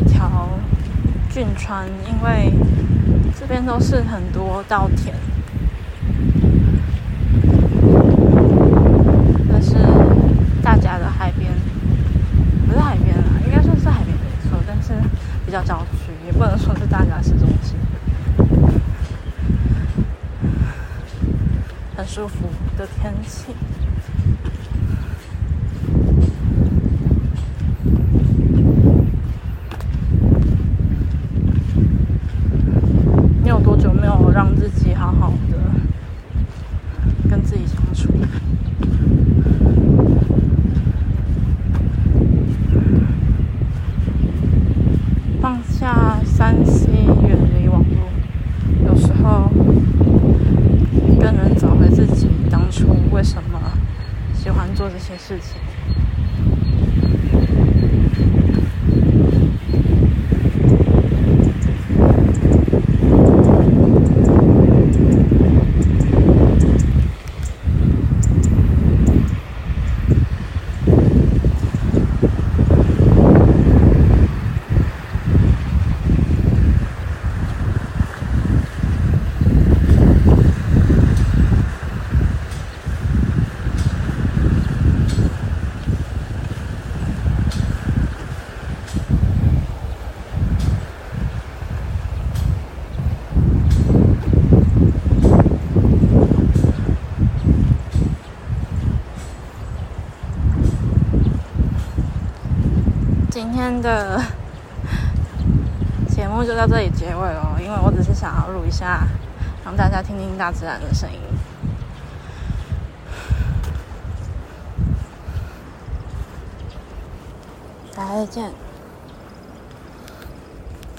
一條郡川，因為這邊都是很多稻田，但是大甲的海邊，不是海邊啊，應該說是海邊沒錯，但是比較郊區，也不能說是大甲市中心。很舒服的天氣。做這些事情。今天的節目就到這裡結尾了，因為我只是想要錄一下，讓大家聽聽大自然的聲音。大家再見。